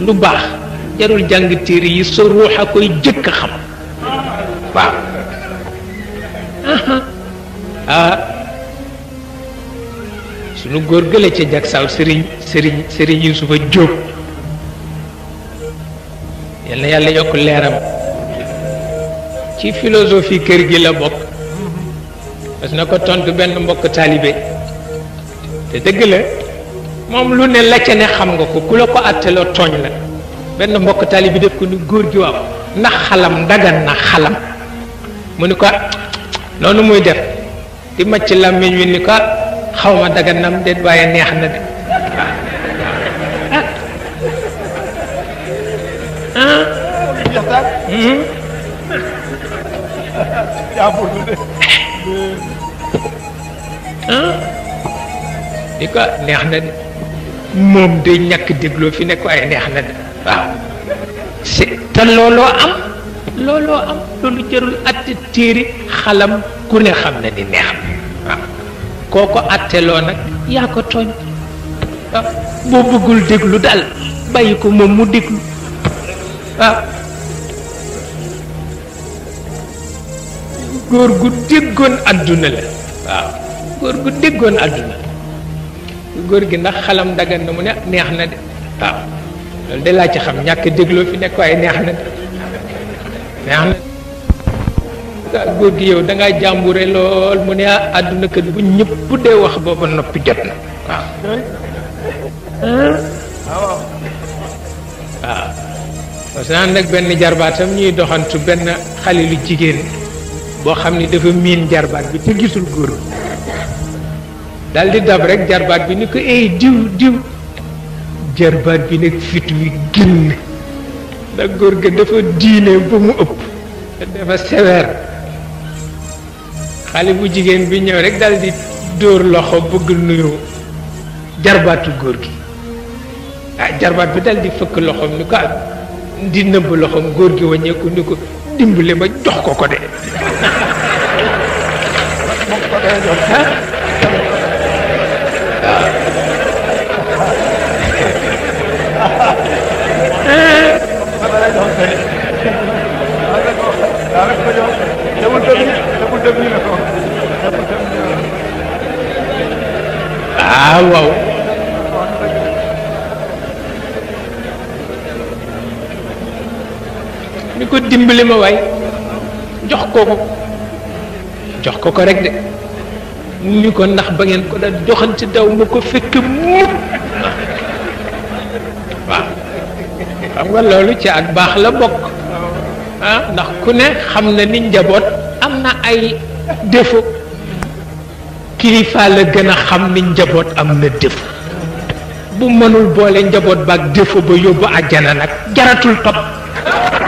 lu baax jarul jàng téere yi sa ruux a koy jëkk xam waaw ah sunu góor gële ca jag saaw sëriñ sëriñ sëriñ Yusufa Jóob yal na yàlla yokk leeram ci philosophie kër gi la bokk parce na ko tontu benn mbokk taalibe te dëgg la moom lu ne la ne xam nga ko ku la ko àtteloo tooñ la benn mbokk tali bi def ko ni góor gi waaw ndax xalam dagan na xalam mu ne ko noonu muy def di macc làmmiñ wi ni xaw ma dagan nam déet waaye neex na de ko neex na de moom day ñàkk dégloo fi nekk ay neex na de waaw si te looloo am looloo am loolu jarul atte téere xalam ku ne xam na ni neex na waaw koo ko atteloo nag yaa ko tooñ boo bëggul déglu daal bàyyi ko moom mu déglu waaw góor gu déggoon àdduna la waaw góor gu déggoon àdduna góor gi ndax xalam dagan na mu ne neex na de waaw loolu de laa ci xam ñàkk dégloo fi nekk waaye neex na de neex na waaw góor gi yow da ngaa jàmbure lool mu ne àdduna kër bu ñëpp dee wax booba noppi jot na waaw waaw parce nag benn jarbaatam ñuy doxantu benn xale lu jigéen boo xam ni dafa miin jarbaat bi te gisul góor dal di dab rek jarbaat bi ni ko ey eh, diw diw jarbaat bi nek fit wi génn da gor ge dafa diine bu mu upp dafa sever xale bu jigen bi ñew rek dal di dor loxo bëgg nuyu jarbaatu gor gi ah jarbaat bi dal di fekk loxom ni ko ah, di neub loxom gor gi wàññeeku ni ko dimbele ma jox ko ko de ah waaw ni ko dimbali ma waay jox ko jox ko ko rek de ni ko ndax ba ngeen ko daan joxante daw ma ko fekk mukk waaw xam nga loolu ci ak baax la bokk ah ndax ku ne xam na ni njaboot am na ay défaut kilifa la gën a xam ni njaboot am na défaut bu mënul boole njaboot baag défaut ba yóbbu àjjana nag jaratul topp